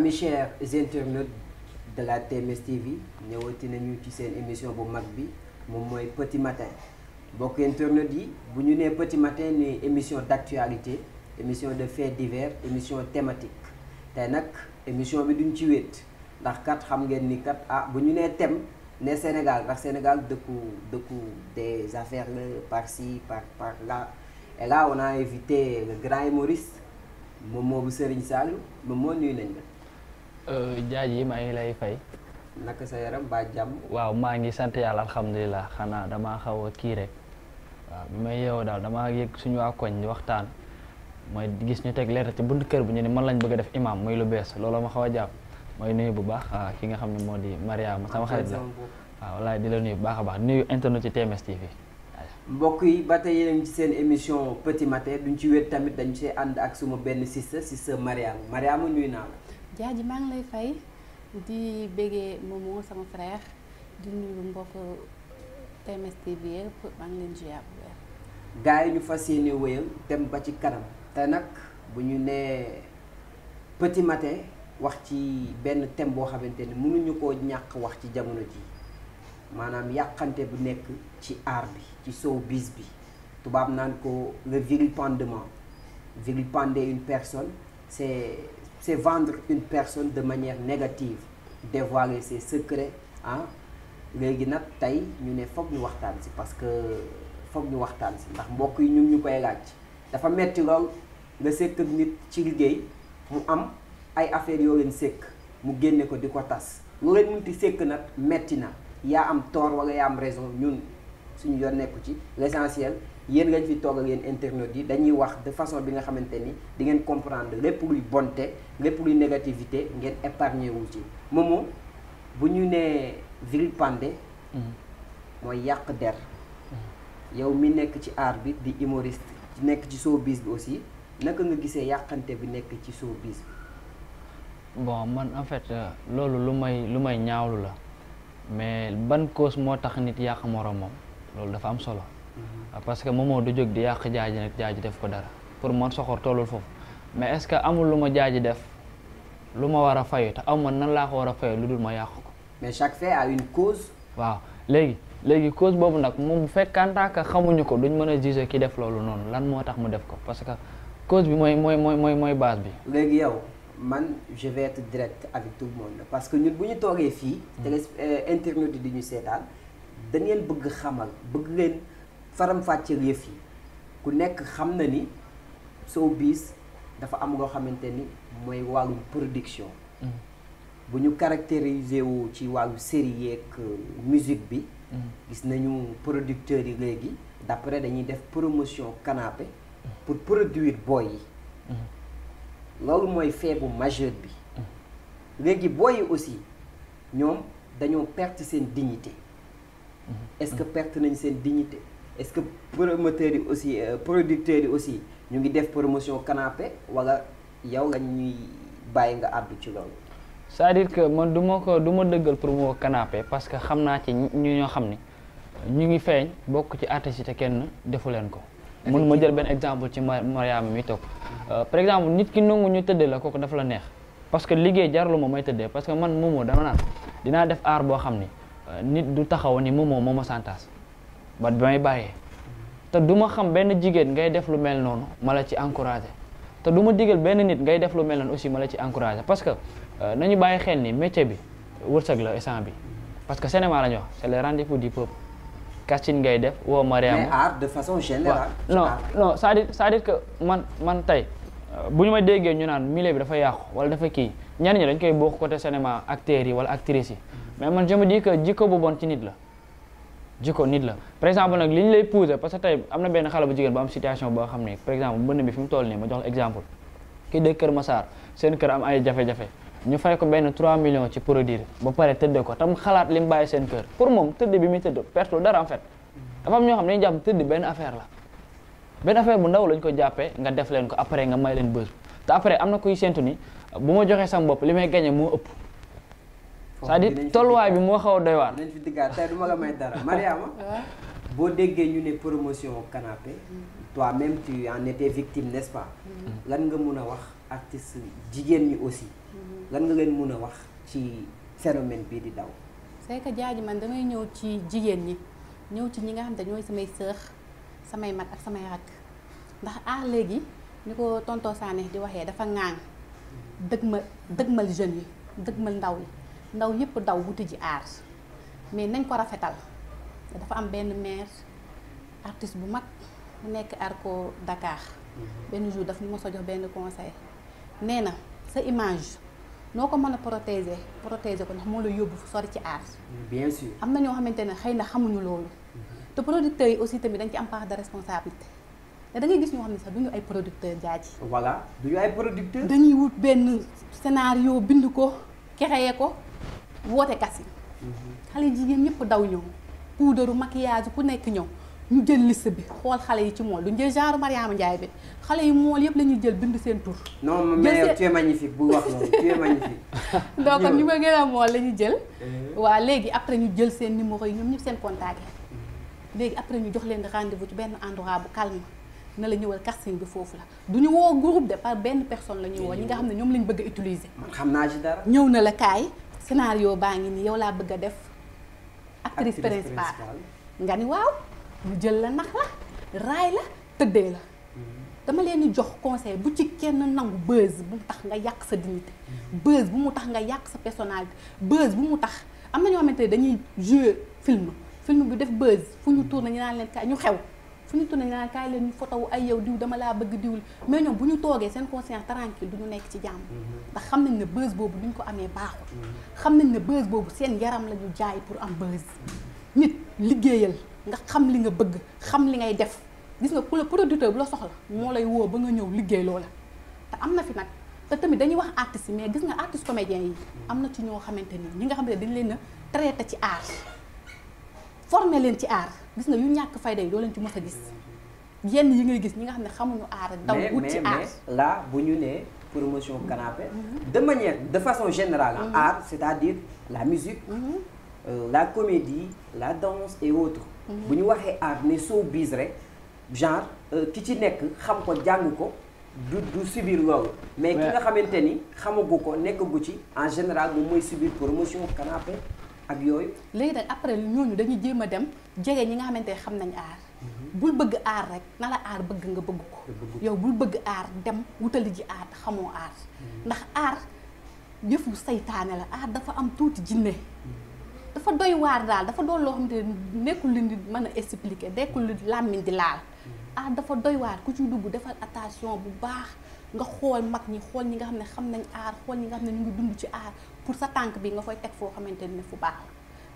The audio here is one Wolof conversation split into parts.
Mes chers internautes de la TMS TV ñëwati nañu ci seen émission bu mag bi moom mooy Petit Matin mbokk internautes yi bu ñu nee Petit Matin ni émission d'actualité émission de faits divers émission thématique tey nag émission bi duñ ci wéet ndax kat xam ngeen ni kat ah bu ñu nee thème ne Sénégal ndax Sénégal dëkku dëkku des affaires la par ci par par là et là invité grand humoriste moom moobu Serigne Sall moom moo nuyu nañ la Euh, jaaj yi maa ngi lay fay. naka sa yaram ba jàmm. waaw maa ngi sant yàlla alhamdulilah xanaa damaa xaw a kii rek waaw bi may yeewoo daal damaa yëg suñu waa koñ waxtaan mooy gis ñu teg lettre ci bunt kër bu ñu ne man lañ bëgg a def imam mooy lu bees looloo ma xaw a jàpp mooy nuyu bu baax ah, ki nga xam ne moo di Mariama sama xarit la waaw walaay di la nuyu bu baax a baax nuyu internet ci TMS TV. mbokk yi ba tey yéen ci seen émission Petit Matin duñ ci wéet tamit dañ ci ànd ak suma benn sista sista Mariama Mariama nuyu naa la. jaaji maa ngi lay fay di bëggee Momo sama frère di nuyu mbokk TMS TV yëpp maa ngi leen jiyaab weer gars yi ñu fas yéene wéyal dem ba ci kanam te nag bu ñu nee petit matin wax ci benn thème boo xamante ni mënuñu koo ñàkk wax ci jamono ji maanaam yàqante bu nekk ci aar bi ci showbiz bi tubaab naan ko le vilipendement vilipender une personne c'est c'est vendre une personne de manière négative dévoiler ses secrets ah léegi nag tey ñu ne foog ñu waxtaan si parce que foog ñu waxtaan si ndax mbokk yi ñun ñu koy laaj dafa metti lool nga sekk ak nit ci liggéey mu am ay affaires yoo leen sekk mu génne ko di ko tas lu leen munti sekk nag metti na yaa am tort wala yaa am raison ñun suñu yoon nekku ci l'essentiel yéen ngañ fi toog a yéen internet yi dañuy wax de façon bi nga xamante ni di ngeen comprendre lépp luy bonte lépp luy négativité ngeen épargner wu ci moom bu ñu nee ville vilipender mm-hmm. mooy yàq der mm-hmm. yow mi nekk ci aar bi di humoriste nekk ci showbiz bi aussi naka nga gisee yàqante bi nekk ci showbiz bi bon man en fait euh, loolu lu may lu may ñaawlu la mais ban cause moo tax nit yàq moroomam loolu dafa am solo Mhm. Ah, parce que moom moomoo du jóg di yàq jaaji nag jaaji def ko dara pour man soxor tollul foofu mais est-ce que amul lu ma jaaji def lu ma war a fayu te aw ma nan laa ko war a fayu lu dul ma yàq ko. mais chaque fait a une cause. waaw léegi léegi cause boobu nag moom bu fekkanta xamuñu ko duñ mën a juger ki def loolu noonu lan moo tax mu def ko parce que cause bi mooy mooy mooy mooy mooy base bi. léegi yow man je vais être direct avec tout monde parce que ñun bu ñu toogee fii. Hmm. te euh, internet di ñu seetaan dañ leen bëgg xamal bëgg leen. faram-fàcceel yëf yi ku nekk xam na ni showbiz dafa am loo xamante ni mooy wàllu production. Mm. bu ñu caractériser wu ci wàllu série yeeg euh, musique bi. Mm. gis nañu producteurs yi léegi d'après dañuy def promotion canapé. pour produire booy yi. Mm. loolu mooy feebu majeur bi. léegi booy yi aussi ñoom dañoo perte seen dignité. est-ce que perte nañ seen dignité. est-ce que promoteurs yi aussi euh, producteurs yi aussi ñu ngi def promotion canapé wala yow nga ñuy bàyyi nga àddu ci loolu. c'est-à-dire que man du ma ko du ma dëggal promo canapé parce que xam naa ci ñu ñoo xam ni ñu ngi feeñ bokk ci artistes te kenn defu leen ko. mun ma jël benn exemple ci Mariama mi toog euh, par exemple nit ki nangu ñu tëddee la kooku dafa la neex parce que liggéey jarlu ma may tëddee parce que man moomoo dama naan dinaa def aar boo xam ni euh, nit du taxaw ni moomoo mooma santaas. ba bi may bàyyee te du ma xam benn jigéen ngay def lu mel noonu ma la ci encouragé te du ma digal benn nit ngay def lu mel noonu aussi ma la ci encourager parce que euh, nañu bàyyi xel ni métier bi wërsëg la instant bi parce que cinéma la ñu wax c'est le rendez-vous du peuple casting ngay def woo Mariam mais art de façon générale non non c'est-à-dire que man man tey euh, bu ñu ma déggee ñu naan mile bi dafa yàqu wala dafa kii ñenn ñi dañ koy bokk côté cinéma acteurs yi wala actrices yi mais man je me dis ci nit la jikko nit la par exemple nag li ñu lay pousser parce que tey am na benn xale bu jigéen bu am situation boo xam ne par exemple mbënn mu toll nii ma jox la exemple kii ay jafe ñu fay ko benn 3 millions ci produire ba pare tëdd ko tam xalaat li mu bàyyi seen kër pour moom tëdd bi muy tëdd perte dara en fait dafa am ñoo xam ne dañuy jàpp tëdd benn affaire la benn affaire bu ndaw lañ ko jàppee nga def leen ko après nga may leen bës te après am na kuy séntu ni bu ma joxee sama bopp li may gagné moo ëpp c'est-à-dire tolluwaay bi moo xaw a doy waar. dinañ fi diggaat tey may dara Mariama. boo déggee ñu ne promotion canapé. toi-même tu en étais victime n'est-ce pas. Mm-hmm. lan nga mun a wax artiste jigéen ñi aussi. Mm-hmm. lan nga leen mun a wax ci phénomène bii di daw. c'est que ji man damay ñëw ci jigéen ñi ñëw ci ñi nga xam te ñooy samay sœur samay mag ak samay rakk ndax aar léegi ni ko tontoo Sané di waxee dafa ŋaaŋ mm-hmm. dëgmal dëgmal jeunes yi dëgmal ndaw yi. ndaw ñëpp daw wuti ji aar mais nañ ko rafetal dafa am benn maire artiste bu mag nekk nekk arco Dakar mhm. benn jour daf ñu mos a jox benn conseil nee na sa image noo ko mën a protéger protéger ko ndax moo la yóbbu fu sori ci aar. Mm, bien sûr am na ñoo xamante ne xëy na xamuñu loolu. Mhm. te producteurs yi aussi tamit dañ ci am part de responsabilité gis ñoo xam ne sax ñu ay producteurs jaaji. voilà duñu ay producteurs. dañuy wut benn scénario bind ko créé ko. woote gas yi xale jigéen ñëpp daw ñëw puudaru maquillage ku nekk ñëw ñu jël liste bi xool xale yi ci mool du jël genre Mariama Ndiaye bi xale yi mool yëpp la ñuy jël bind seen tur. non mais yow tu es magnifique bu wax loolu tu ñu ma gën a mool la ñuy jël. Eh. waaw léegi après ñu jël seen numéro yi ñoom ñëpp seen contact mm-hmm. léegi après ñu jox leen rendez-vous ci benn endroit bu calme na la ñëwal casting bi foofu la du ñu woo groupe de par benn personne la ñuy woo ñi nga xam ne ñoom lañ ñu bëgg a utiliser. man xam naa ci dara. ñëw na la kaay. scénario baa ngi nii yow laa bëgg a def actrice principale nga ni waaw mu jël la nax la raay la tëddee la mm-hmm. dama leen di jox conseil bu ci kenn nangu buzz bu mu tax nga yàq sa dignité mm-hmm. buzz bu mu tax nga yàq sa personnalité buzz bu mu tax am na ñoo xamante dañuy jouer film film bu def buzz fu ñu tourné ñu naan leen kaay ñu xew fu ñu tourné naa kaay leen ñu photo ay yow diw dama laa bëgg diwul mais ñoom bu ñu toogee seen conscience tranquille du ñu nekk ci jàmm mm-hmm. ndax xam nañ ne buzz boobu duñ ko amee baaxul mm-hmm. xam nañ ne buzz boobu seen yaram la ñu jaay pour am buzz nit liggéeyal nga xam li nga bëgg xam li ngay def gis nga ku la producteur bu la soxla moo lay woo ba nga ñëw liggéey loola te am na fi nag te tamit dañuy wax artistes yi mais gis nga artiste comédien yi am na ci ñoo xamante ni ñi nga xamante ne dañ leen traité ci art formé leen ci art gis nga yu ñàkk fayda yi doo leen mos a gis yenn yi ngay gis ñi nga xam ne xamuñu aar daw wut ci aar mais là bu ñu nee promotion canapé mm-hmm. de manière de façon générale en mm-hmm. art c'est-à-dire la musique mm-hmm. euh, la comédie la danse et autres bu ñu waxee art ne showbiz rek genre euh, ki ci nekk xam ko jàng ko du du subir loolu mais ki nga xamante ni xamagu ko nekkagu ci en général moom mooy subir promotion canapé ak yooyu. léegi nag après ñooñu dañuy jéem a dem jege ñi nga xamante xam nañ aar. Mhm. bul bëgg aar rek nala aar bëgg nga bëgg ko. yow bul bëgg aar dem wutali ji aar xamoo aar. Mhm. ndax aar yëfu saytaane la dafa am tuuti jinne mhm. dafa doy waar daal dafa doon loo xamante ne nekkul li mën a expliquer nekkul li làmmiñ di laal. aar dafa doy waar ku ci dugg defal attention bu baax nga xool mag ñi xool ñi nga xam ne xam nañ aar xool ñi nga xam ne ñu ngi dund ci aar pour sa tànk bi nga koy teg foo xamante ne fu baax la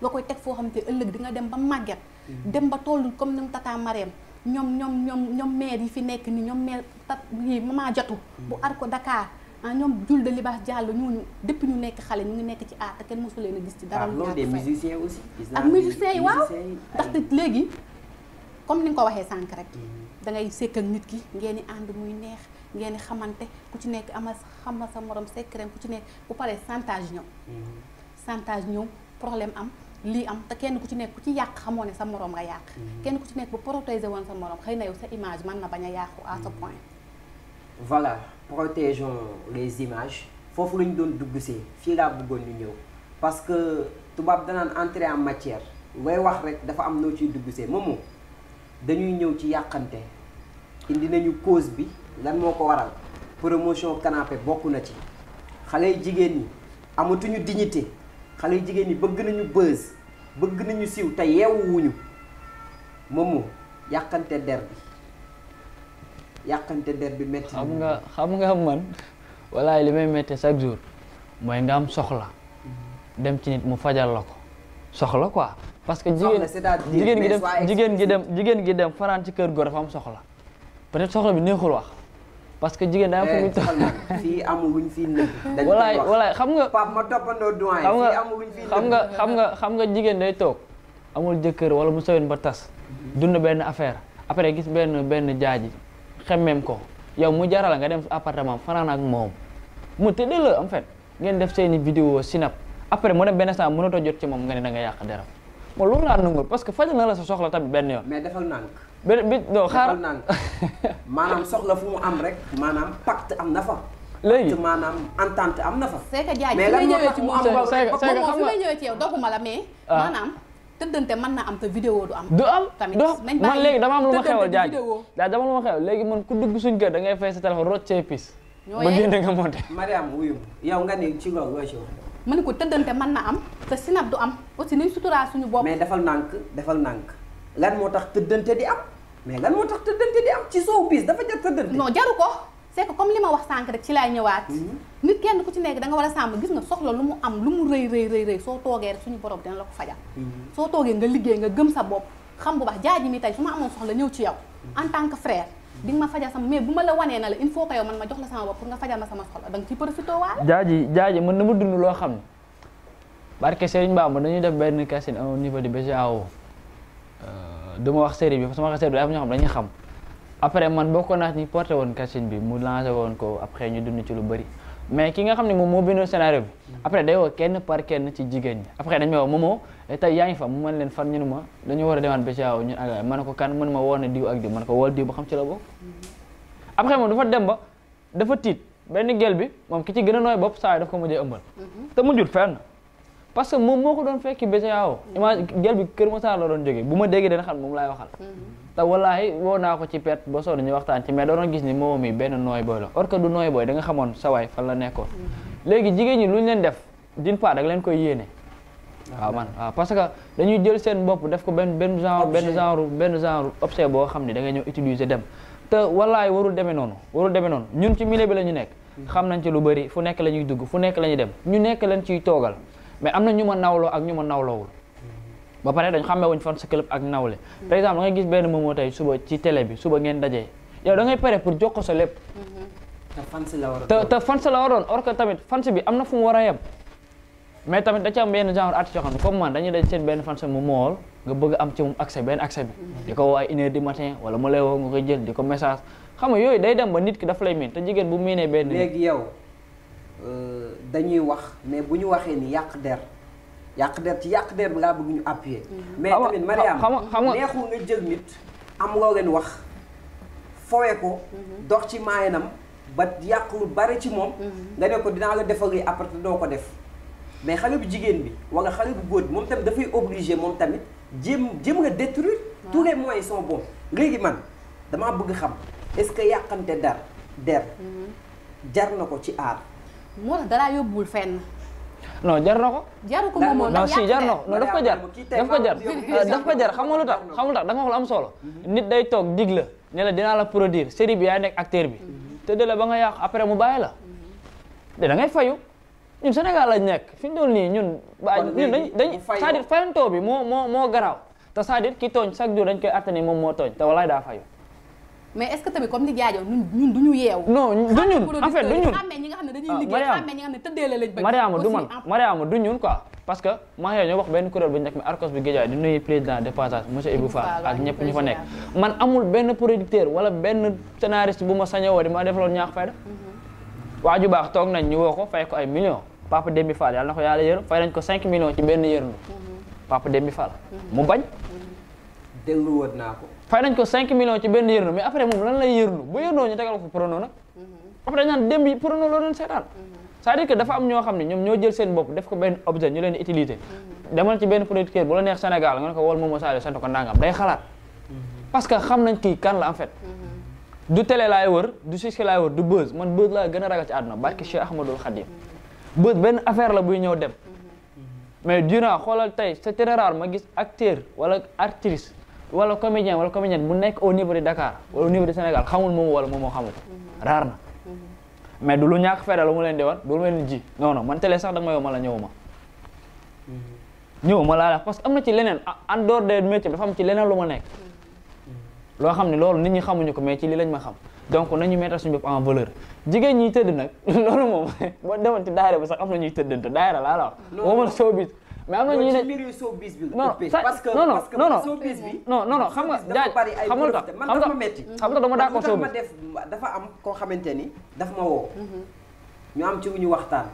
nga koy teg foo xamante ëllëg di dem ba màgget mm-hmm. dem ba tollu comme nam tata Marème ñoom ñoom ñoom ñoom maire yi fi nekk ni ñoom maire tat yi mama jatu bu mm-hmm. ar ko Dakar ah ñoom Jules de Libas Diallo ñu depuis ñu nekk xale ñu ngi nekk ci aar te kenn mosu leen a gis ci dara ah, lu ñàkk musiciens aussi ak musiciens yi waaw ndaxte léegi comme ni nga ko waxee sànk rek mm-hmm. da ngay sekk nit ki ngeen di ànd muy neex ngeen xamante ku ci nekk ama xama sa morom secret ku ci nekk bu paree chantage ñëw mm-hmm. chantage ñëw problème am lii am te kenn ku ci nekk ci yàq xamoo ne sa morom nga yàq mm-hmm. kenn ku ci nekk bu woon sa morom xëy na sa image mën na bañ a yàqu à voilà protégeons les images foofu la ñu doon dugg see fii laa bëggoon ñu ñëw parce que tubaab danaan entrer en matière way wax rek dafa am noo ciy dugg see moomu dañuy ñëw ci yàqante indi nañu cause bi lan moo ko waral promotion canapé bokk na ci xale yu jigéen ñi amatuñu dignité xale yu jigéen ñi bëgg nañu buzz bëgg nañu siw te yeewuwuñu moomu yàqante der bi yàqante der bi métti xam nga xam nga man walaay li may métti chaque jour mooy nga am soxla dem ci nit mu fajal la ko soxla quoi parce que jigéen jigéen gi dem jigéen gi dem jigéen gi dem fanaan ci kër goo dafa am soxla peut-être soxla bi neexul wax parce que jigéen daa fa muy toll. fii amul wuñ fii nekk. dañ walaay walaay xam nga. Pape ma toppandoo doyen fii amul xam nga xam nga xam nga jigéen day toog. amul jëkkër wala mu sëyoon ba tas. dund benn affaire après gis benn benn jaaji xemmeem ko yow mu jaral nga dem appartement fanaan ak moom mu tëddee la en fait ngeen def seeni vidéo sinap après mu dem benn saa mënatoo jot ci moom nga ne da yàq deram. moom loolu laa nangul parce que fajal na la sa soxla tamit benn yoon. mais defal nànk benn bi non xaaral naan maanaam soxla fu mu am rek maanaam pacte am na fa. léegi maanaam entente am na fa. c'est que jaaj fi may ñëwee ci moom fi may ñëwee ci yow doguma la mais. Ah. maanaam tëddante mën na am te vidéo du am. du am tamit nañ man léegi dama am lu ma xewal jaaj daa dama lu ma xewal léegi man ku dugg suñ kër da ngay fay sa téléphone rot cee pis. ba génne nga monté. Mariam wuyu yow nga ne ci loolu loo ci wax. ma ne ko tëddante mën na am te sinap du am aussi nañ suturaa suñu bopp. mais defal nànk defal nànk lan moo tax tëddante di am mais lan moo tax tëddante di am ci soow piis dafa jar tëddante. non jaru ko c'est comme li ma wax sànk rek ci laay ñëwaat. Mhm. nit kenn ku ci nekk da nga war a sàmm gis nga soxla lu mu am lu mu rëy rëy rëy rëy soo toogee rek suñu borom dina la ko fajal. Mhm. soo toogee nga liggéey nga gëm sa bopp xam bu baax jaaji mi tey su ma amoon soxla ñëw ci yow. en tant que frère. ma fajal sama mais bu ma la wanee na la il faut que yow man ma jox la sama bopp pour nga fajal ma sama soxla da nga ciy profité waale. jaaji mën na ma dund loo xam ne barke Serigne Bamba dañuy def benn casting au niveau de BCEAO du ma wax série bi parce que ma wax série bi dafa xam dañuy xam après man bokkoon naa ni porté woon casting bi mu lancé woon ko après ñu dund ci lu bëri mais ki nga xam ne moom moo bindoon scénario bi après day woo kenn par kenn ci jigéen ñi après dañ may woo moomoo eh, tey yaa ngi fa ñu ne ma dañu a demaat BCEAO ñun ak ah, ma ne ko kan mën ma woo diw ak diw ma ko wool diw ba xam ci la bokk après moom dafa dem ba dafa tiit benn gel bi moom ki ci gën a nooy bopp saa yi daf ko mujjee ëmbal mhm. te mujjul parce que moom moo ko doon fekki BCEAO. image gel bi Kër Masar la doon jógee bu ma déggee dana xam moom laay waxal. Mm-hmm. te wallaahi woo naa ko ci pet ba sonn ñu waxtaan ci mais doon gis ni moom mi benn nooy booy la or que du nooy booy da nga xamoon sa waay fan la nekkoon. Mm-hmm. léegi jigéen ñi lu ñu leen def d'une part da nga leen koy yéene. waaw man waaw parce que dañuy jël seen bopp def ko benn benn genre benn genre benn genre objet boo xam ne da nga ñëw utiliser dem. te wallaay warul demee noonu warul demee noonu ñun ci milieu bi la ñu nekk. Mm-hmm. xam nañ ci lu bëri fu nekk la ñuy dugg fu nekk la ñuy dem ñu nekk leen ciy toogal. mais am na ñu ma nawloo ak ñu ma nawloowul ba pare dañ xàmmee wuñ fan sa club ak nawle par exemple da ngay gis benn moomoo tey suba ci tele bi suba ngeen dajee yow da pare pour jox ko sa lépp te fans la war a doon te fans la war or que tamit fans bi am na fu mu war a yem mais tamit da ci am benn genre artiste yoo xam comme man dañuy daj seen benn fans mu mool nga bëgg am ci moom accès benn accès bi di ko woo ay di matin wala mu lay woo nga koy jël di ko message xam nga yooyu day dem ba nit ki daf lay miin te jigéen bu miinee benn léegi yow Euh, dañuy wax mais bu ñu waxee ni yàq der yàq der ci yàq der bi laa bëgg ñu appuyer. Mm-hmm. mais tamit Mariam neexul nga jël nit. am loo leen wax fooye ko. Mm-hmm. dox ci maayanam ba yàq lu ci moom. Mm-hmm. nga ne ko dinaa la defal lii après doo ko def. mais xale bu jigéen bi wala xale bu góor moom tamit dafay obligé moom tamit jéem jéem nga détruire. tous les moyens sont bons. léegi man damaa bëgg xam est-ce que yàqante dar der jar na ko ci aar. moo tax dalaa yóbbuwul fenn. non jar na ko. jaru ko moom jar na ko non daf ko jar daf ko jar euh, daf ko jar xam nga lu tax xam nga lu tax da nga lu am solo. Mhm. nit day toog dig la ne la dinaa la produire série bi yaa nekk acteur bi. Mhm. tëdd la banga nga yàq après mu bàyyi la. de mhm. da ngay fayu ñun Sénégal lañ nekk fi ñu doon nii ñun. ba ñun dañuy dañuy c'est-à-dire bi moo moo moo garaaw te c'est-à-dire ki tooñ chaque jour dañ koy attané moom moo tooñ te walaay daa fayu. mais est-ce que tamit comme ni jaajo ñun ñun du ñu yeewu. non du ñun en fait du ñun xàmmee ñi nga xam ne dañuy ah, liggéey xàmmee ñi nga xam ne tëddee la lañ bëgg. Mariama du man Mariama du ñun quoi. parce que maa ngi ñoo wax benn kuréel bu ñu nekk mais Arcos bi Guédiawaye di nuyu président de passage monsieur Ibou Fall ak ñëpp ñu fa nekk. man amul benn producteur wala benn scénariste bu ma sañoo di ma def loolu ñaax fayda. Mhm. waa ju baax toog nañ ñu woo ko fay ko ay millions Papa Dembi Fall yàlla na ko yàlla yërëm fay nañ ko 5 millions ci benn yërëm. Mhm. Papa Dembi Fall mhm. mu bañ. delluwaat naa ko fay nañ ko cinq millions ci benn yërnu mais après moom lan lay yërnu bu yërnoo ñu tegal ko prono nag mm-hmm. après dañu naan dem bi prono loo doon seetaan mm-hmm. c'est-à-dire que dafa am ñoo xam ne ñoom ñoo jël seen bopp def ko benn objet ñu leen di utiliser mm-hmm. benn producteur bu la neex Sénégal nga ne ko wol Momo Sadio sant ko day xalaat parce que xam nañ kii kan la en fait du tele laay wër du suske laay wër du buzz man buzz laa gën a ragal ci àdduna barke Cheikh Ahmadoul Khadim buzz benn affaire la buy ñëw dem mais dina xoolal tey c'est général ma gis acteur wala actrice wala comédien wala comédienne bu nekk au niveau de Dakar wala au niveau de Sénégal xamul moom wala moom moo xamul mhm. raar na mhm. mais du lu ñàkk fayda lu ma leen di wan du lu ji non man télé sax da nga ma a ma la ñëwuma mhm. ñëwuma laa la parce que am na ci leneen en dehors des métiers dafa am ci leneen lu ma nekk loo xam ne loolu nit ñi xamuñu ko mais ci lii lañ ma xam donc nañu mettre suñu bopp en valeur jigéen ñi tëdd nag loolu moom boo demoon ci daayira bi sax am na ñuy tëddante daayira laa la wax woman showbiz mais am na ñu ne ci mbiru showbiz bi non parce que non non showbiz bi xam nga jaaj xam nga tax man dafa metti xam nga dama d'accord showbiz dafa am koo xamante ni daf ma woo mhm. ñu am ci ñu waxtaan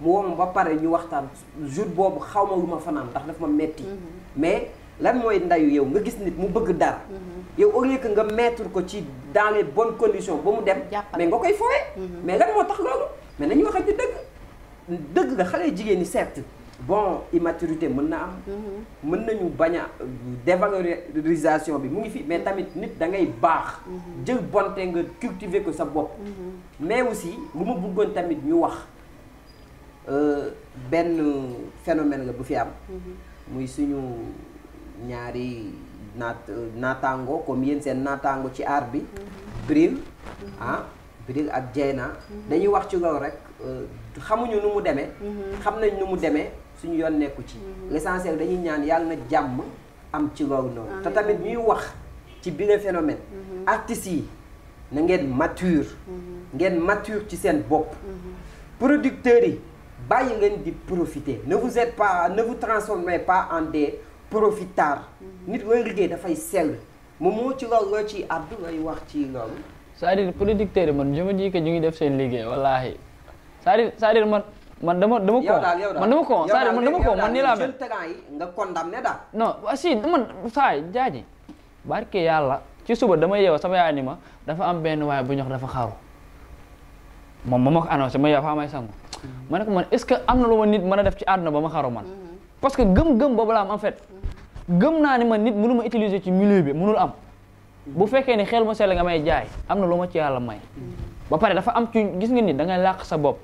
mu woo ma ba pare ñu waxtaan jour boobu xaw ma lu ma fanaan ndax daf ma metti mhm. mais lan mooy ndayu yow nga gis nit mu bëgg dara mhm. yow au lieu nga mettre ko ci dans les condition ba mu dem mais nga koy fooye mais lan moo tax loolu mais nañu waxante dëgg dëgg la xale jigéen ñi certes bon immaturité mën na am. Mhm. mën nañu bañ a dévalorisation bi mu ngi fi mais tamit nit da ngay baax. Mhm. jël bonte nga cultiver ko sa bopp. Mhm. mais aussi lu ma bëggoon tamit ñu wax euh, benn phénomène la bu fi am. muy suñu ñaari naat naataango comme yéen seen naataango ci aar bi. Bril ah Bril ak Dieyna dañuy wax ci loolu rek. Euh, xamuñu nu mu demee. Mhm. xam nañ nu mu demee suñu yoon nekku ci. Mhm. l'essentiel dañuy ñaan yàlla na jàmm am ci loolu noonu. te tamit ñuy wax ci bile phénomène. Mhm. artistes yi na ngeen mature. ngeen mature ci seen bopp. producteurs yi bàyyi leen di profiter ne vous êtes pas ne vous transformez pas en des profitards. nit looy liggéey dafay sell moom moo ci loolu loo ciy àddu lay wax ci loolu. c'est-à-dire producteurs yi man je ñu ngi def seen liggéey wallaahi. c'est-à-dire cest à man man dama dama ko man dama ko c'est-à-dire man dama laa mel nga condamné daal non si man saay jaaji barke yàlla ci suba dama yeewa sama yaay ni ma dafa mhm. am benn waaye bu ñox dafa xaru moom ma ma ko annoncé ma yeew faa may sangu ma ne ko man est-ce que am na lu ma nit mën a def ci àdduna ba ma xaru man parce que gëm-gëm boobu la am en fait gëm naa ne ma nit mënu ma utiliser ci milieu bi mënul am mhm. bu fekkee ni xel mu sell nga may jaay am na loo ma ci yàlla may mhm. ba pare dafa am gis nga ni da ngay làq sa bopp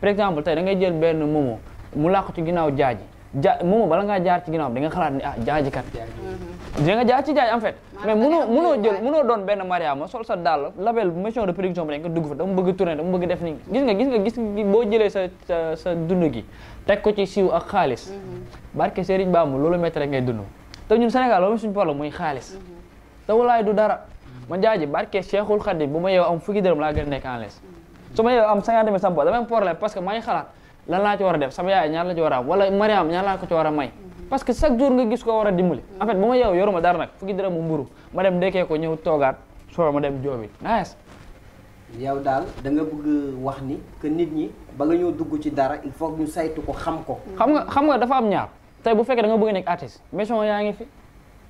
par exemple tey da ngay jël benn Momo mu làqu ci ginnaaw jaaji ja Momo bala ngaa jaar ci ginnaaw da nga xalaat ni ah jaaji kat mm-hmm. da nga jaar ci jaaj en fait mais munoo munoo jël munoo doon benn Mariama sol sa dàll label mission de prédiction bi rek nga dugg fa dama bëgg tourner dama bëgg def ni gis nga gis nga gis boo jëlee sa sa sa dund gi teg ko ci siiw ak xaalis mm-hmm. barke Serigne Bamba loolu métti rek ngay dund te ñun Sénégal loolu suñu problème muy xaalis mm-hmm. te walaay du dara ma jaaji barke Cheikhul Khadim bu ma yeew am fukki dërëm laa gën nekk en su ma yow am cinquante mille sama bopp dama am problème parce que maa ngi xalaat lan laa ci war a def sama yaay ñaar la ci war a am wala Mariam ñaar laa ko ci war a may parce que chaque jour nga gis ko war a dimbali en fait ba ma yow yoruma dara nag fukki dara mu mburu ma dem ndekkee ko ñëw toogaat soo ma dem joobi nice yow daal da nga bëgg wax ni que nit ñi ba nga ñëw dugg ci dara il faut ñu saytu ko xam ko xam nga xam nga dafa am ñaar tey bu fekkee da nga bëgg nekk artiste maison yaa ngi fi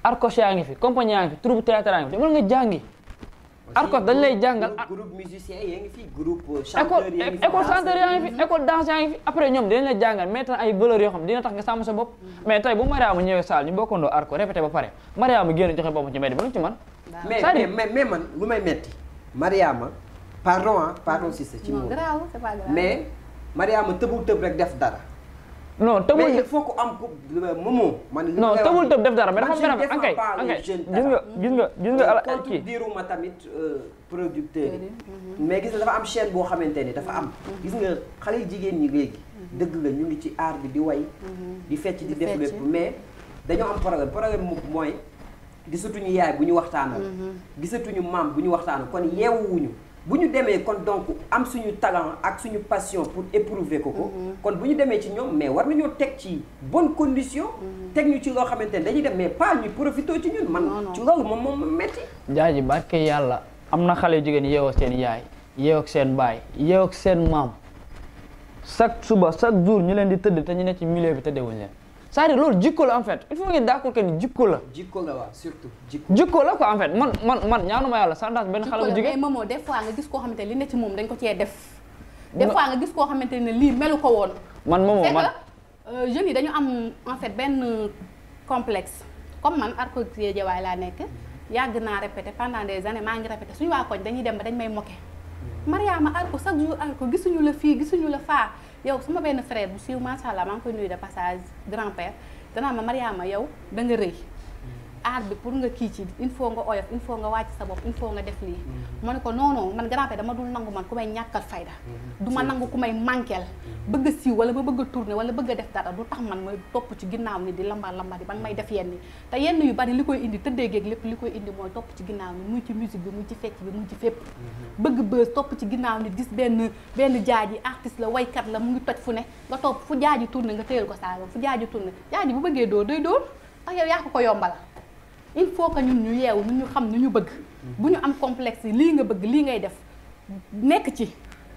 arcoche yaa ngi ngi fi troupe théâtre yaa ngi nga jàngi arcos dañ lay jàngal ah. groupe musicien yaa ngi fi groupe chanteur yaa ngi fi école chanteur yaa ngi fi école ah, danse après ñoom dañ lay jàngal mettre ay valeurs yoo xam dina tax nga sàmm sa bopp mm-hmm. mais tey bu Mariama ñëwee saal ñu bokkandoo arcos répété ba pare Mariama génn joxe boppam ci mbedd ba lu ci man mais mais man lu may metti Mariama pardon ah pardon si ci moom mais Mariama tëbul tëb rek def dara non tëbul mais il faut que am euh, moom non tëbul tëb def dara ma dafa am benn ankay ankay gis nga gis nga gis nga ala kii tamit euh, producteur yi mhm. mais gis nga dafa am chaîne boo xamante ni dafa am mhm. gis nga xale jigéen ñi léegi mhm. dëgg la ñu ngi ci aar bi di way di fecc di def lépp mais dañoo am problème problème mu mooy gisatuñu yaay bu ñu waxtaanal gisatuñu maam bu ñu waxtaanal kon yeewuwuñu bu ñu demee kon donc am suñu talent ak suñu passion pour éprouver ko ko. Mhm. kon bu ñu demee ci ñoom mais war nañoo teg ci bon condition. Mhm. teg ñu ci loo xamante ne dañuy dem mais pas ñu profité ci ñun. man ci loolu moom moom metti jaaji barke yàlla am na xale jigéen yeewoo seen yaay yeewoo seen baay yeewoo seen maam chaque suba chaque jour ñu leen di tëdd te ñu ne ci milieu bi tëddewuñ leen. c'est-à-dire loolu jikko la en fait il faut ngeen d'accord que ni jikko la. jikko la waaw surtout jikko. jikko la quoi en fait man man man ñaanuma yàlla sànqal benn xale bu jigéen. mais moom des fois nga gis koo xamante ne li ne ci moom dañ ko cee def. des fois nga gis koo xamante ne lii melu ko woon. man moomoo man c'est que euh, yi dañu am en fait benn euh, complexe comme man arco Guédiawaye laa nekk yàgg naa répété pendant de années maa ngi répété suñu waa koñ dañuy dem ba dañ may moqué. Mm. Mariama arco chaque jour arco gisuñu la fii gisuñu la faa. yow sama benn frère bu siiw macha allah maa ngi koy nuyu de passage grand-père danaa ma Mariama yow da nga rëy art bi pour nga kii ci il faut nga oyof il faut nga wàcc sa bopp il faut nga def lii mm-hmm. ma ne ko non non man grand dama dul nangu man ku may ñàkkal fayda mm-hmm. du ma nangu ku may manqueel mm-hmm. bëgg a siiw wala ma bëgg a tourner wala bëgg def dara du tax man mooy topp ci ginnaaw ni di lamba lamba di man may def yenn yi yenn yu bari li koy indi tëddee géeg li koy indi mooy topp ci ginnaaw ni muy ci musique bi muy ci fecc bi muy ci fépp bëgg bës topp ci ginnaaw nit gis benn benn jaaji artiste la waykat la mu ngi toj fu ne nga topp fu jaaji tourner nga téyal ko saaga fu jaaji tourner jaaji bu bëggee dóor day dóor ndax yow yaa ko ko yombal il faut que ñun ñu yeewu ñun ñu xam ni ñu bëgg bu ñu am complexe yi lii nga bëgg lii ngay def nekk ci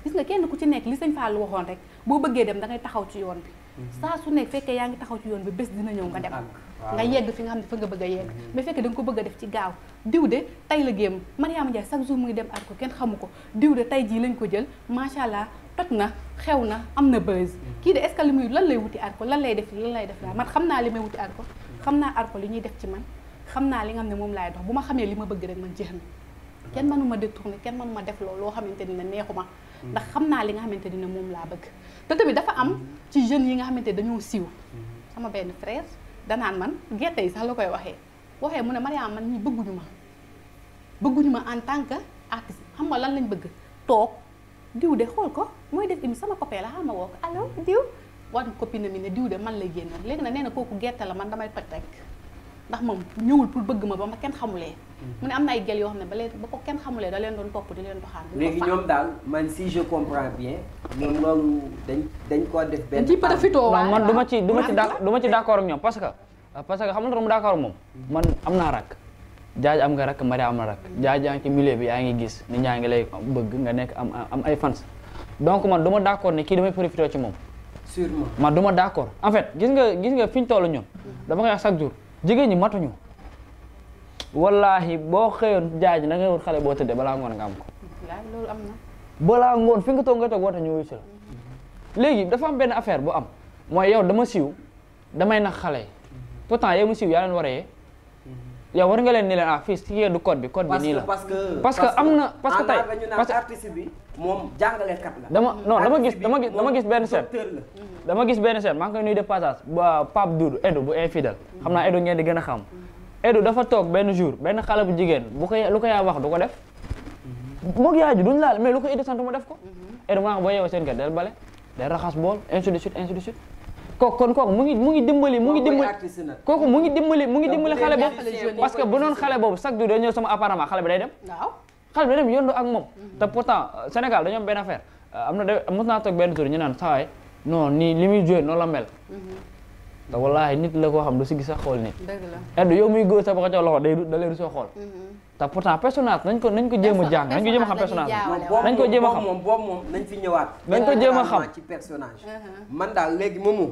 gis nga kenn ku ci nekk li sëñ Fall waxoon rek boo bëggee dem da ngay taxaw ci yoon bi mhm. saa su nekk fekkee yaa ngi taxaw ci yoon bi bés dina ñëw nga dem nga yegg fi nga xam ne fa nga bëgg a yegg mhm. mais fekkee da nga ko bëgg a def ci gaaw diw de tay la géem Mariama Ndiaye chaque jour muy dem aar ko kenn xamu ko diw de tay jii lañ ko jël macha allah toj na xew na am na buzz mhm. kii de est ce li muy lan lay wuti aar ko lan lay def lan lay def laa man xam naa li may wuti aar ko xam naa aar li ñuy def ci man xam naa li nga xam ne moom laay dox bu ma xamee li ma bëgg rek ma jeex na kenn mënu ma détourné kenn mënu ma def loolu loo xamante ni ne neexuma hmm. ndax xam naa li nga xamante ni ne moom laa bëgg te tamit dafa am ci jeunes yi nga xamante dañoo siiw hmm. sama benn frère danaan man gerte yi sax la koy waxee waxee mu ne Mariama man ñi bëgguñu ma bëgguñu ma en tant que artiste xam nga lan lañ bëgg toog diw de xool ko mooy def émission sama copain la xam ma woo ko allo diw wan copine mi ne diw de man lay génn léegi nag nee na kooku gerte la man damay toj rek ndax moom ñëwul pour bëgg ma ba ma kenn xamulee mm-hmm. mu ne am na ay gel yoo xam ne ba leen ko kenn xamulee da leen doon topp di leen doxaan léegi ñoom daal man si je comprends bien ñoom loolu dañ dañ du ma ci du ma ci du ma ci d'accord ak ñoom parce que parce que xam nga mu d'accord moom mm-hmm. man am naa rakk jaaj am nga rakk Maria am na rakk mm-hmm. jaaj yaa ngi bi yaa ngi gis nit ñaa ngi lay bëgg nga nekk am am ay fans donc man du ma d'accord ne kii damay profitoo ci moom ma d'accord en fait gis nga gis nga fi ñu toll ñun dama koy wax chaque jour jigéen ñi matuñu wallaahi boo xëyoon jaaj na ngay wut xale boo tëddee balaa ngoon nga am ko. balaa ngoon fi nga toog nga toog woote ñu wuyu la. léegi dafa am benn affaire bu am mooy yow dama siiw damay nax xale yi pourtant yow mu siiw yaa leen war yee yow war nga leen ni leen ah fii si du code bi code bi nii la parce que am na parce que tey parce que la dama non dama gis dama dama gis benn seen dama gis benn seen maa ngi koy de passage ba Pape Doudou Edo bu infidèle xam naa Edo ngeen di gën a xam Edo dafa toog benn jour benn xale bu jigéen bu ko lu ko yaa wax du ko def moog yaa ji duñ laal mais lu ko Edo sant mu def ko Edo mu naa boo yeewoo seen kër del bale del raxas bool ainsi de suite ainsi de suite kooku kon kooku mu ngi mu ngi dimbali mu ngi dimbali kooku mu ngi dimbali mu ngi dimbali xale boobu parce que bu noon xale boobu chaque jour day ñëw sama appartement xale bi day dem xale bi day dem yondu ak moom mhm. te pourtant euh, Sénégal dañoo am benn affaire euh, am na de mos naa toog benn jour ñu naan sawaay non nii li muy joué noonu la mel mhm. te wallaahi nit la koo xam du si gis sax xool nit dëgg la yow muy góor sa ba ko ca loxo day da lay xool mhm. te pourtant personnage nañ ko nañ ko jéem a jàng nañ ko jéem a xam personnage nañ ko moom boobu moom nañ fi ñëwaat nañ ko jéem a xam ci personnage man daal léegi moomu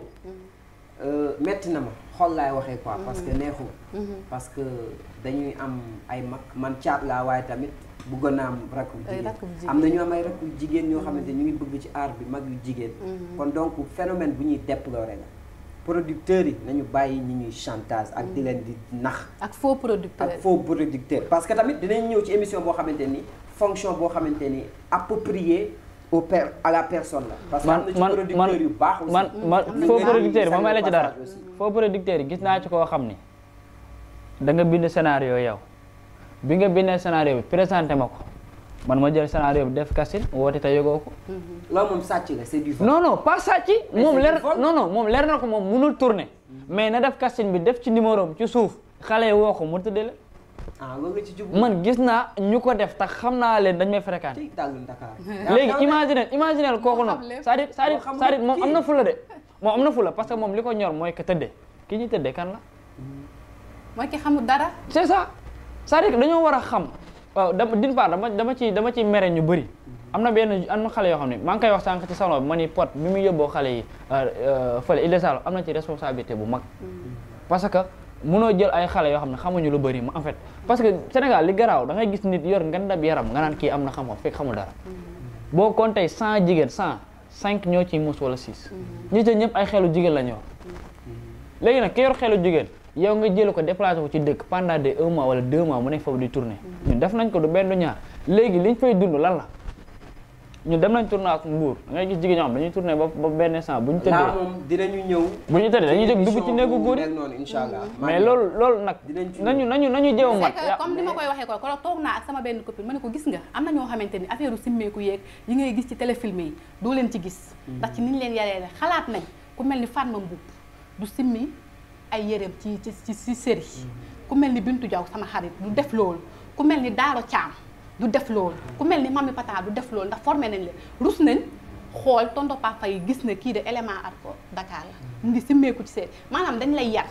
euh, metti na ma xol laay waxee quoi parce que neexu mhm. parce que dañuy am ay mag man caat laa waaye tamit bëggoon a am rakku jigéen am na ñu am ay rakku jigéen ñoo xamante ñu ngi bëgg ci aar bi mag yu jigéen mhm. kon donc phénomène bu ñuy déplorer la producteurs yi nañu bàyyi ñu ñuy chantage ak di leen di nax. ak faux producteur ak faux parce que tamit dinañ ñëw ci émission boo xamante ni fonction boo xamante ni appropriée au per à la personne la. parce que man man ci producteurs yu baax aussi. man man faux producteur moom la ci dara faux producteur yi gis naa ci koo xam ni da nga bind scénario yow bi nga bindee scénario bi présenté ma ko. man moo jël scénario bi def casting woote te yëgoo ko. Mm-hmm. loolu moom sàcc la c'est du vol. non moom leer non non moom leer na ko moom mënul tourner. Mm-hmm. mais na def casting bi def ci numéro ci suuf xale yi woo ko mu tëddee la. ah loolu ci man gis naa ñu ko def tax xam naa leen dañ may fréquenter. léegi imaginer imaginer kooku noonu. c'est-à-dire cest à moom am na fula de. moom am na fula parce que moom li ko ñor mooy que tëddee ki ñuy tëddee kan la. Mm-hmm. mooy ki xamul dara. c'est ça cest à war a xam. waaw dama d'une part dama dama ci dama ci mere ñu bëri mm-hmm. am na benn am na xale yoo xam ne maa ngi koy wax sànq ci salon bi ma ni pot mu muy yóbboo xale yi euh, euh, fële il salon am na ci responsabilité bu mag mm-hmm. parce que mënoo jël ay xale yoo xam ne xamuñu lu bëri en fait parce que Sénégal li garaaw da ngay gis nit yor nga dab yaram nga naan kii am na xam-xam fekk xamul dara mm-hmm. boo compté cent jigéen cent cinq ñoo ci muus wala six nit ca ñëpp ay xelu jigéen la ñoo léegi nag ki yor jigéen yow nga jël ko déplacé ko ci dëkk pendant des un mois wala deux mois mu nekk foofu di tourner ñun def nañ ko du benn du ñaar léegi liñ fay dund lan la ñu dem nañ tourner ak Mbour da ngay gis jigéen ñoo xam dañuy tourner ba ba benn sens bu ñu tëddee laa moom ñëw bu ñu tëddee dañuy dégg dugg ci néegu góor yi noonu inshallah mm. mais loolu loolu nag nañu nañu nañu jéem a mat comme ni ma koy waxee ko kon toog naa ak sama benn copine ma ko gis nga am na ñoo xamante ni affaire u simmeeku yeeg yi ngay gis ci téléfilm yi doo leen ci gis mm. ndax ci niñ leen yaree xalaat nañ ku mel ni Fatma Mboup ay yéreem ci ci ci séri ku mel ni Bintu Jaw sama xarit du def loolu ku mel ni Daaro Caam du def loolu ku mel ni Mami Pata du def loolu ndax formé nañ leen rus nañ xool tonton papa yi gis ne kii de élément at ko Dakar la mm. mu ngi simmeeku ci seen maanaam dañ lay yar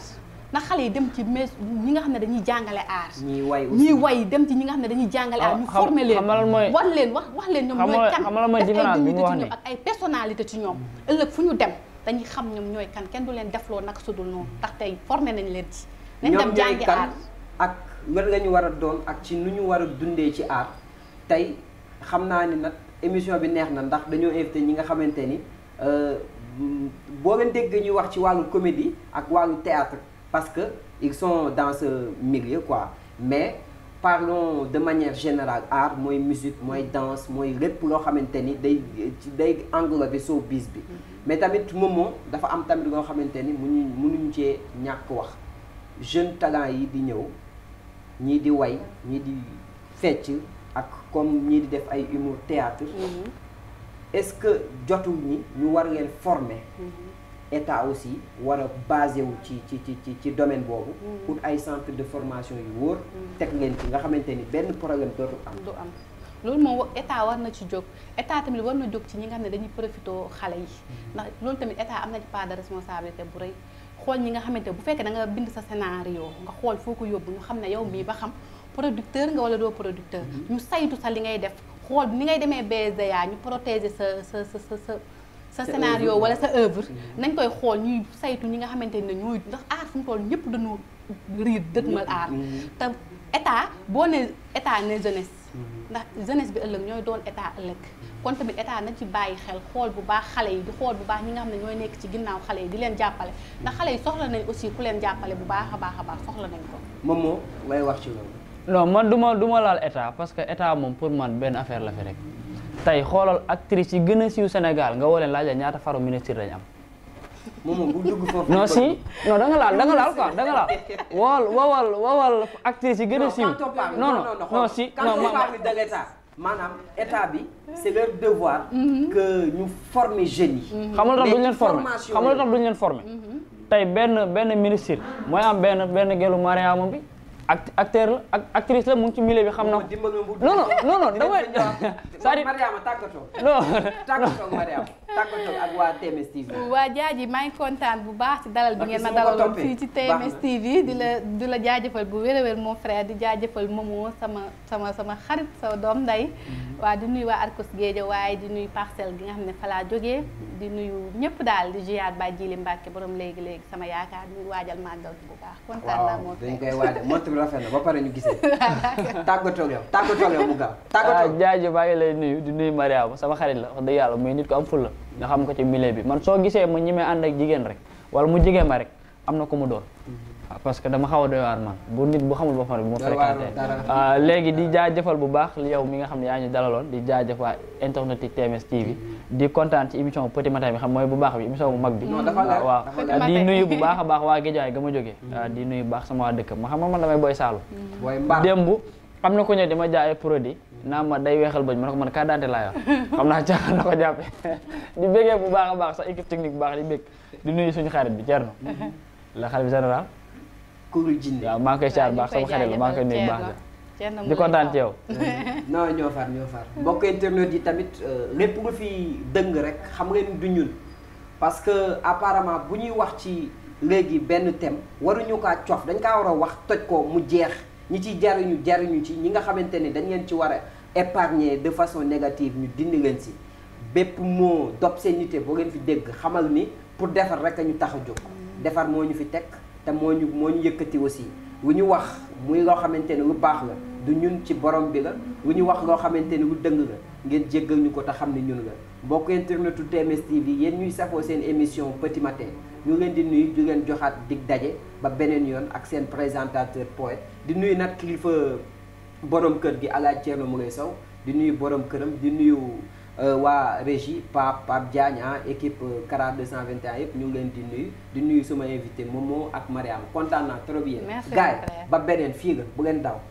ndax xale yi dem ci mais ñi nga xam ne dañuy jàngale aar ñiy way ñiy way dem ci ñi nga xam ne dañuy jàngale aar ah, ñu formé leen wan leen wax wax leen ñoom ñooy kan def ay individu ci ñoom ak ay personnalité ci ñoom mm. ëllëg fu ñu dem dañuy xam ñoom ñooy kan kenn du leen defloo nag su dul noonu tax tey formé nañ leen ci nañ dem jàngi aar ak lan la ñu war a doon ak ci nu ñu war a dundee ci aar tey xam naa ni nag émission bi neex na ndax dañoo invité ñi nga xamante ni euh, boo leen dégg ñuy wax ci wàllu comédie ak wàllu théâtre parce que ils sont dans ce quoi mais parlons de manière générale art mooy musique mooy danse mooy lépp loo xamante ni day day soo showbiz bi mais tamit momo dafa am tamit loo xamante ni mu munuñ munuñ cee ñàkk wax jeune talent yi di ñëw ñii di way ñii di fecc ak comme ñii di def ay humour théâtre mm-hmm. est-ce que jotul ñi ñu war ngeen former mm-hmm. état aussi war a basé wu ci ci ci ci domaine boobu mm-hmm. pour ay centre de formation yu wóor teg ngeen ci nga xamante ni benn problème dootul am loolu moom état war na ci jóg état tamit war na jóg ci ñi nga xam ne dañuy profité xale yi mhm. ndax loolu tamit état am na ci part de responsabilité bu rëy xool ñi nga xamante bu fekkee da nga bind sa scénario nga xool foo ko yóbbu ñu xam ne yow mii ba xam producteur nga wala doo producteur mhm. ñu saytu sa li ngay def xool ni ngay demee BSDA ñu protéger sa sa sa sa sa sa scénario wala sa œuvre mhm. nañ koy xool ñuy saytu ñi nga xamante ne ñooy ndax aar fu mu toll ñëpp dañoo riir dëtmal aar te état boo ne état ne jeunesse ndax jeunesse bi ëllëg ñooy doon état ëllëg kon tamit état na ci bàyyi xel xool bu baax xale yi di xool bu baax ñi nga xam ne ñooy nekk ci ginnaaw xale yi di leen jàppale ndax xale yi soxla nañ aussi ku leen jàppale bu baax a baax a baax soxla nañ ko moom moo lay wax ci loolu non man du ma du ma laal état parce que état moom pour man benn affaire la fi rek tey xoolal actrice yi gën a siiw Sénégal nga woo leen laajal ñaata faru ministre lañ am moom bu si non da laal da nga laal quoi da laal wowal wowal wowal actrice yi gën a siiw non non non si non maanaam état bi c'est leur devoir mhm. que ñu former jeunes yi mhm. xam nga tax duñu leen former xam nga tax leen former tey benn benn ministre mooy am benn benn gelu mariama bi act acteur la ak actrice la mu ngi ci milieu bi xam na. non non non non damay. c'est-à-dire Mariama tàggatoo. non tàggatoo Mariama tàggatoo ak waa TMS TV. waa jaaji maa ngi kontaan bu baax ci dalal bi ngeen ma dalaloon fii ci TMS TV di la di la jaajëfal bu wér a wér mon frère di jaajëfal Momo sama sama sama xarit sa doom nday mhm. waa di nuyu waa Arcos Géeja waaye di nuyu parcelle gi nga xam ne fa laa jógee di nuyu ñëpp daal di jiyaat ba Jili Mbàkke borom léegi léegi sama yaakaar di waajal màggal bu baax kontaan naa moo rafet na ba pare ñu gisee tàggatoo ak yow tàggatoo ak yow bu gaaw tàggatoo ah, jaajëf maa ngi lay nuyu di nuyu Mariama sama xarit la wax dëgg yàlla muy nit ko am fulla nga xam ko ci milieu bi man soo gisee ma ñi may ànd ak jigéen rek wala mu jigéen ma rek am na ku mu doon parce que dama xaw a doy waar man bu nit bu xamul boppam rek bu ma fréquenté ah, léegi bu baax yow mi nga xam ne yaa ñu dalaloon di jaajëf waa internet TMS TV di kontaan ci émission petit matin bi xam mooy bu baax bi émission bu mag bi ah, waaw di bu baax a baax waa Géejawaay ga ma jógee mm. ah, di nuyu bu baax sama waa dëkk ma xam man damay booy saalu mm. démb am na ko ñëw di ma jaay produit naa ma day weexal bañ ma ne ko man carte d'identité laa yor xam naa caaxaan na ko jàppe di béggee bu baax a baax sax équipe technique bu baax di bég di nuyu suñu xarit bi Thierno mm-hmm. la xarit bi général kuuru jinne waaw maa ngi koy caar baax sama xarit la maa ngi koy nuyu baax la di kontaan ci yow ñoo far ñoo far mbokk internet yi tamit euh, lépp lu fi dëng rek xam ngeen du ñun parce que apparemment bu ñuy wax ci léegi benn thème waruñu kaa cof dañ kaa war a wax toj ko mu jeex ñi ci jariñu jariñu ci ñi nga xamante ni dañ leen ci war a épargner de façon négative ñu dindi leen si bépp mot d'obscénité boo ngeen fi dégg xamal ni pour defar rek a ñu tax a jóg mm. defar moo ñu fi teg te moo ñu moo ñu yëkkati aussi lu ñu wax muy loo xamante ne lu baax la du ñun ci borom bi la lu ñu wax loo xamante ne lu dëng la ngeen jéggal ñu ko te xam ne ñun la mbokk internetu TMS TV yéen ñuy safoo seen émission petit matin ñu leen di nuyu di leen joxaat dig daje ba beneen yoon ak seen présentateur poète di nuyu nag kilifa borom kër gi Alaaji Thierno Moulay Sow di nuyu borom këram di nuyu Euh, waa régie Pape Pape Diagne ah équipe euh, Kara 221 yëpp ñu ngi leen di nuyu di nuyu sama invité Momo ak Mariam kontaan naa trop yéen. merci ba beneen fii nga bu leen daw.